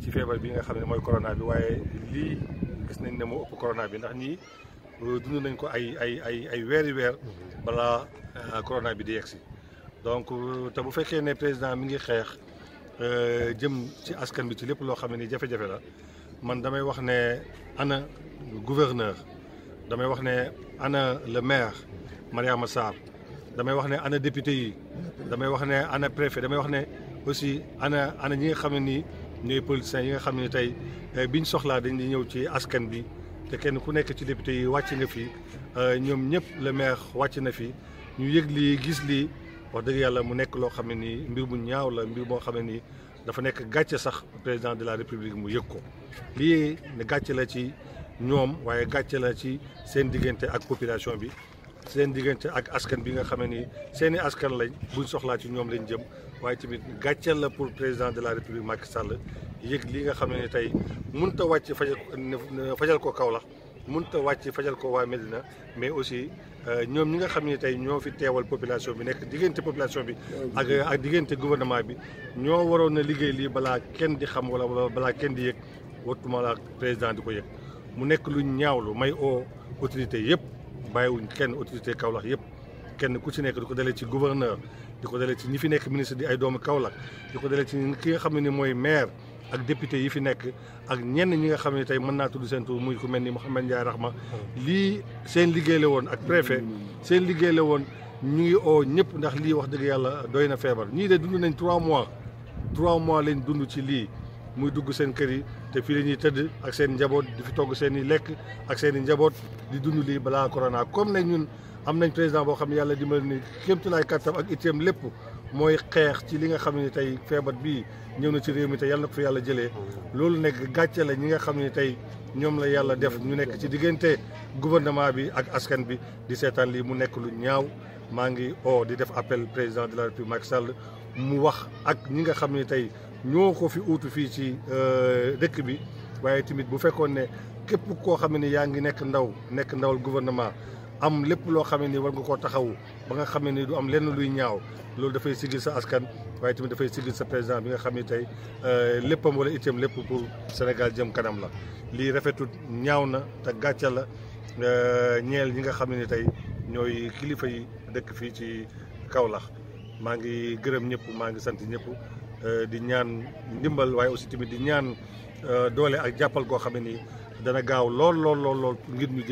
ci fièvre bi nga xamné moy corona bi waye li gis nañ ne mo upp corona bi ndax ni dund nañ ko ay ay ay ay weeri wér bala corona bi di yexi donc te bu fekkee ne président mi ngi xex euh jëm ci askan bi ci lépp lo xamné jafe-jafe la man damay wax ne ana gouverneur damay wax ne ana le maire Mariama sar damay wax ne ana député yi damay wax ne ana préfet damay wax ne aussi ana ana ñi nga xamné ne ñooy politiciens yi nga xam ne tey eh, biñ soxlaa dañ di ñëw ci askan bi te kenn ku nekk ci député yi wàcc nga fi eh, ñoom ñëpp le maire wàcc na fi ñu yëg lii gis lii wax dëgg yàlla mu nekk loo xam ne nii mbir mu ñaaw la mbir moo xam ne nii dafa nekk gàcce sax président de la république mu yëg ko lii ne gàcce la ci ñoom waaye gàcce la ci seen diggante ak population bi seen diggante ak askan bi nga xamee ni seeni askan lañ buñ soxlaa ci ñoom lañ jëm waaye tamit gàcceel la pour président de la république Macky Sall yëg li nga xam ne tey mënut a wàcc fajal fajal ko Kaolack mun ta wàcc fajal ko waa na mais aussi euh, ñoom ñi nga xam ni tey ñoo fi teewal population bi nekk diggante population bi. ak ak diggante gouvernement bi ñoo waroon a liggéey lii balaa kenn di xam wala balaa kenn di yëg wattuma la président di ko yëg mu nekk lu may oo autorité yëpp. bàyyiwuñ kenn autorité Kaolack yëpp kenn ku ci nekk di ko dalee ci gouverneur di ko dalee ci ñi fi nekk ministre di ay doomu Kaolack di ko dalee ci ki nga xam ne ni mooy maire ak député yi fi nekk ak ñenn ñi nga xam ne tey mën naa tudd seen tur muy ku mel ni Mouhamed Ndiaye ma lii seen liggéey la woon ak préfet seen liggéey la woon ñu ngi oo ñëpp ndax lii wax dëgg yàlla doy na feebar ñii de dund nañ trois mois trois mois lañ dund ci lii muy dugg seen kër yi te fii la ñuy tëdd ak seen njaboot di fi togg seen lekk ak seen i njaboot di dund lii balaa corona comme nag ñun am nañ président boo xam ne yàlla dimbali ni kéemtulaay kàttam ak itteem lépp mooy xeex ci li nga xam ne tey feebar bii ñëw na ci réew mi te yàlla na ko fi yàlla jëlee loolu nekk gàcce la ñi nga xam ne tey ñoom la yàlla def ñu nekk ci diggante gouvernement bi ak askan bi di seetaan lii mu nekk lu ñaaw maa ngi o di def appel président de la république Macky Sall mu wax ak ñi nga xam ne tey ñoo ko fi uutu fii ci euh, dëkk bi waaye tamit bu fekkoon ne képp koo xam ne yaa ngi nekk ndaw nekk ndawal gouvernement am lépp loo xam ne war nga koo taxawu ba nga xam ni du am lenn luy ñaaw loolu dafay sigil sa askan waaye tamit dafay sigil sa président bi nga xam ne tey euh, léppam wala itam lépp pour Sénégal jëm kanam la lii rafetul ñaaw na te gàcce la euh, ñeel ñi nga xam ne tey ñooy kilifa yi dëkk fii ci kawlax maa ngi gërëm ñëpp maa ngi sant ñëpp Euh, di ñaan ndimbal waaye aussi tamit di ñaan euh, doole ak jàppal goo xam ne nii dana gaaw lool lool lool